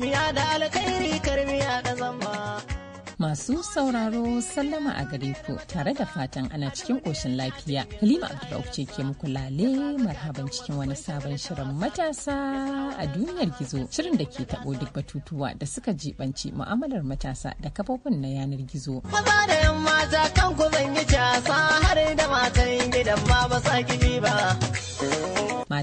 miya da alkhairi da Masu sauraro sallama a gare ku tare da fatan ana cikin ƙoshin lafiya. Halima Abdullahi ce ke muku lale marhaban cikin wani sabon shirin matasa a duniyar gizo. Shirin da ke taɓo duk batutuwa da suka jibanci mu'amalar matasa da kafofin na yanar gizo. Maza da yamma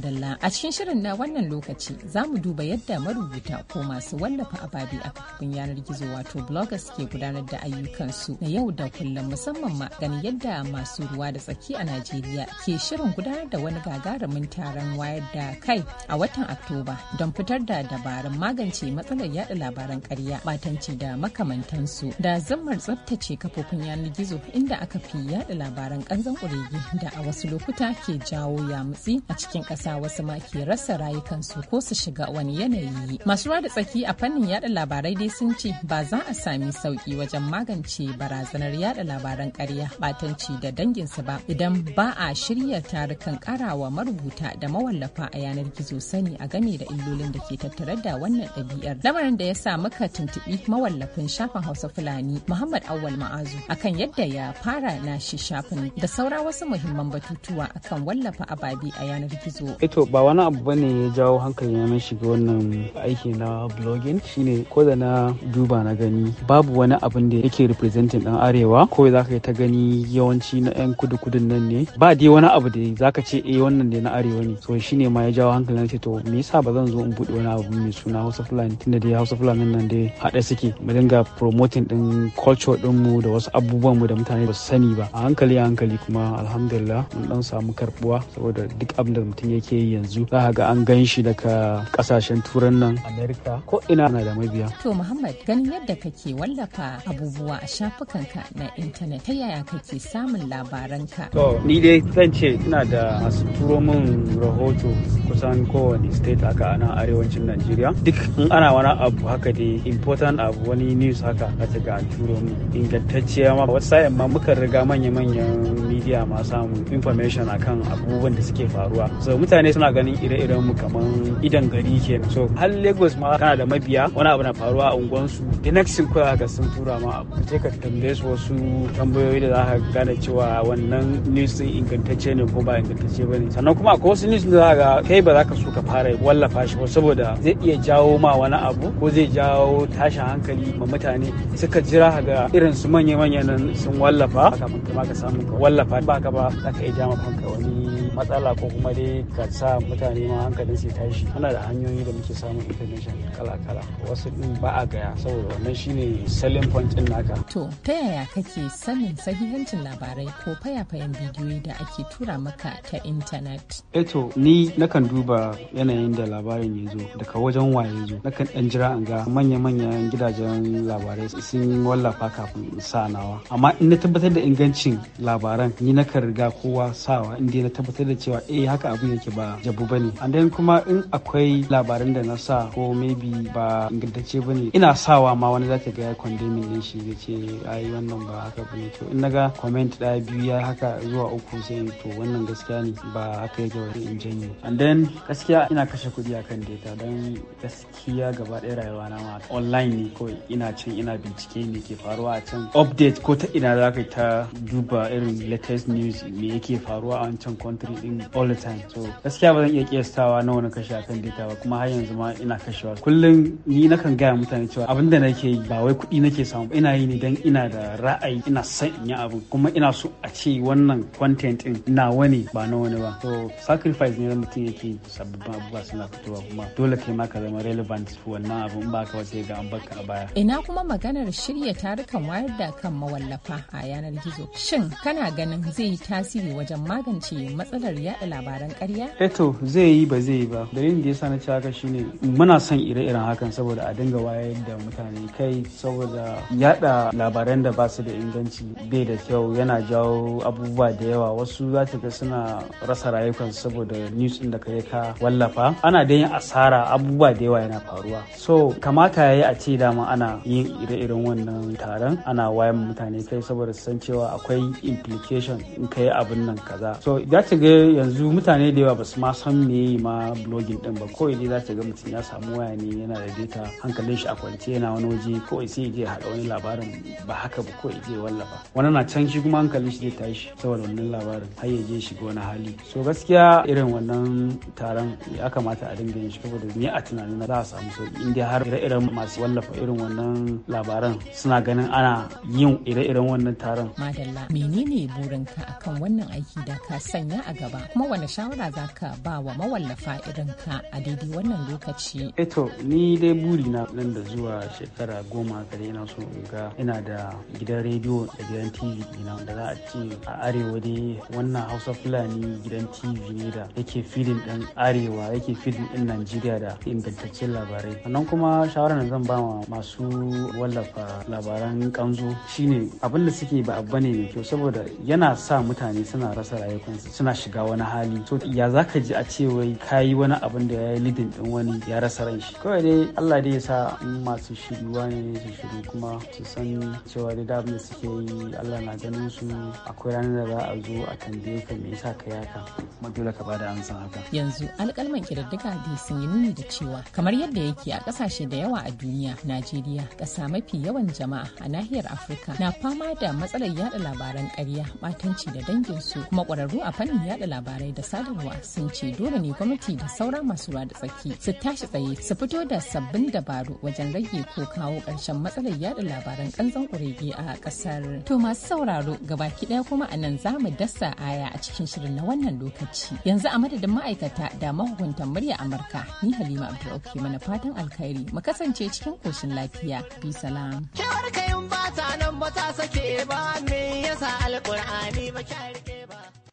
Adalla a cikin shirin na wannan lokaci za mu duba yadda marubuta ko masu wallafa ababe a kafin yanar gizo wato bloggers ke gudanar da ayyukansu na yau da kullum musamman ma ganin yadda masu ruwa da tsaki a najeriya ke shirin gudanar da wani gagarumin taron wayar da kai a watan oktoba don fitar da dabarun magance matsalar yada labaran karya batanci da makamantansu da zammar tsabtace kafofin yanar gizo inda aka fi yada labaran kanzan kuregi da a wasu lokuta ke jawo yamutsi a cikin ƙasa wasu ma ke rasa rayukansu ko su shiga wani yanayi masu ruwa da tsaki a fannin yada labarai dai sun ce ba za a sami sauki wajen magance barazanar yada labaran karya batanci da danginsu ba idan ba a shirya tarukan karawa marubuta da mawallafa a yanar gizo sani a game da illolin da ke tattare da wannan ɗabi'ar lamarin da ya sa muka tuntuɓi mawallafin shafin hausa fulani muhammad awal ma'azu akan yadda ya fara na shi shafin da saura wasu muhimman batutuwa akan wallafa ababe a yanar gizo Ito eh ba wani abu bane ya jawo hankali na shiga wannan aiki na blogging shine ko da na duba na gani babu wani abin da yake representing dan arewa ko za ka yi ta gani yawanci na yan kudu kudu nan ne ba dai wani abu da za ka ce eh wannan da na arewa ne so shine ma ya jawo hankali na ce to me yasa ba zan zo in bude wani abu mai suna Hausa Fulani tunda dai Hausa Fulani nan dai haɗe suke mu dinga promoting din culture din mu da wasu abubuwan mu da mutane ba su sani ba a hankali a hankali kuma alhamdulillah mun dan samu karbuwa saboda duk abin da mutum yake ake yanzu za ga an gan shi daga kasashen turan nan amerika ko ina na da mabiya to muhammad ganin yadda kake wallafa abubuwa a shafukanka na intanet ta yaya kake samun labaranka to ni dai zan ce ina da masu turo min rahoto kusan kowane state haka a arewacin najeriya duk in ana wani abu haka dai important abu wani news haka a ga an turo mu ingantacciya ma wasu sa'in ma muka riga manya-manyan media ma samu information akan abubuwan da suke faruwa so mutane mutane suna ganin ire-iren mu kamar idan gari ke so har lagos ma kana da mabiya wani abu na faruwa a unguwansu the next thing kawai ga sun tura ma abu sai ka tambaye su wasu tambayoyi da za ka gane cewa wannan news din ingantacce ne ko ba ingantacce ba ne sannan kuma akwai wasu news da za ka kai ba za ka so ka fara wallafa shi ba saboda zai iya jawo ma wani abu ko zai jawo tashin hankali ma mutane suka jira ga irin su manya-manyan sun wallafa kafin ka samu ka wallafa ba ka ba za ka iya jama kanka wani matsala ko kuma dai ka sa mutane ma hankalin su tashi ana da hanyoyi da muke samun information kala-kala wasu din ba a gaya saboda wannan shine selling point din naka to ta yaya kake sanin sahihancin labarai ko fayafayen bidiyoyi da ake tura maka ta intanet eto eh ni nakan duba yanayin da labarin ya zo daga wajen waye zo nakan dan jira an ga manya-manyan gidajen labarai sun wallafa kafin in sa nawa amma in na tabbatar da ingancin labaran ni nakan riga kowa sawa in na tabbatar tabbatar da cewa eh haka abu yake ba jabu bane and then kuma in akwai labarin da na sa ko maybe ba ingantacce bane ina sawa ma wani zaka ga ya condemn din shi zai ce ai wannan ba haka bane to in naga comment daya biyu ya haka zuwa uku sai to wannan gaskiya ne ba haka yake wani in janye and then gaskiya ina kashe kuɗi akan data dan gaskiya gaba ɗaya rayuwa na ma online ne ko ina can ina bincike ne ke faruwa a can update ko ta ina zaka ta duba irin latest news me yake faruwa a wancan country fee din all the time so gaskiya ba zan iya kiyastawa nawa wani kashe akan data ba kuma har yanzu ma ina kashewa kullum ni na kan gaya mutane cewa abin da nake yi ba wai kuɗi nake samu ina yi ne dan ina da ra'ayi ina son in yi abu kuma ina so a ce wannan content din nawa ne ba na wani ba so sacrifice ne da mutum yake yi sababbin abubuwa suna fitowa kuma dole kai ma ka zama relevant wannan abin ba ka wace ga an baka a baya ina kuma maganar shirya tarukan wayar da kan mawallafa a yanar gizo shin kana ganin zai yi tasiri wajen magance matsalar matsalar yada labaran karya? Eto eh zai yi ba zai yi ba. Dalilin da ya sa na ci haka shine muna son ire-iren hakan saboda a dinga wayar da mutane kai saboda yada labaran da ba su da inganci bai da kyau yana jawo abubuwa da yawa wasu za ta ga suna rasa rayukansu saboda news ɗin da kai ka wallafa ana da yin asara abubuwa da yawa yana faruwa. So kamata ya yi a ce dama ana yin ire-iren wannan taron ana wayar mutane kai saboda san cewa akwai implication in kai abin nan kaza. So za ta ga yanzu mutane da yawa ba su ma san me ma blogging din ba kawai dai za ta ga mutum ya samu waya ne yana da data hankalin shi a kwance yana wani waje kawai sai je haɗa wani labarin ba haka ba kawai je wallafa wani na can shi kuma hankalin shi zai tashi saboda wannan labarin har ya je shiga wani hali so gaskiya irin wannan taron ya kamata a dinga yin shi saboda ni a tunanin za a samu sauki in dai har ire-iren masu wallafa irin wannan labaran suna ganin ana yin ire-iren wannan taron. Madalla menene burinka akan wannan aiki da ka sanya a gaba kuma wani shawara za ka ba wa mawallafa irin ka a daidai wannan lokaci eto eh ni dai buri na nan da zuwa shekara goma kare ina so in ga ina da gidan rediyo da gidan tv ina da za a ce a arewa dai wannan hausa fulani gidan tv ne da yake filin ɗin arewa yake filin din najeriya da ingantaccen labarai sannan kuma shawara na zan ba wa masu wallafa labaran kanzo shine abin da suke ba abu ne mai kyau saboda yana sa mutane suna rasa rayukansu suna shiga wani hali so ya za ka ji a ce wai ka yi wani abin da ya yi lidin din wani ya rasa ran shi kawai dai Allah dai ya sa masu shiruwa ne su shiru kuma su san cewa dai da abin da suke yi Allah na ganin su akwai ranar da za a zo a tambaye ka me yasa ka yaka kuma dole ka bada amsa haka yanzu alƙalman kididdiga dai sun yi nuni da cewa kamar yadda yake a kasashe da yawa a duniya Najeriya ƙasa mafi yawan jama'a a nahiyar Afirka na fama da matsalar yada labaran ƙarya ɓatanci da dangin su kuma ƙwararru a fannin yada labarai da sadarwa sun ce dole ne gwamnati da sauran masu ruwa da tsaki su tashi tsaye su fito da sabbin dabaru wajen rage ko kawo ƙarshen matsalar yada labaran kanzon kurege a ƙasar. To masu sauraro gabaki ɗaya kuma a nan za mu dasa aya a cikin shirin na wannan lokaci. Yanzu a madadin ma'aikata da mahukuntan murya Amurka ni Halima Abdulrahman mana fatan alkhairi mu kasance cikin koshin lafiya. Bi salam. Kewar kayan bata nan ba sake ba me yasa alkur'ani ba ki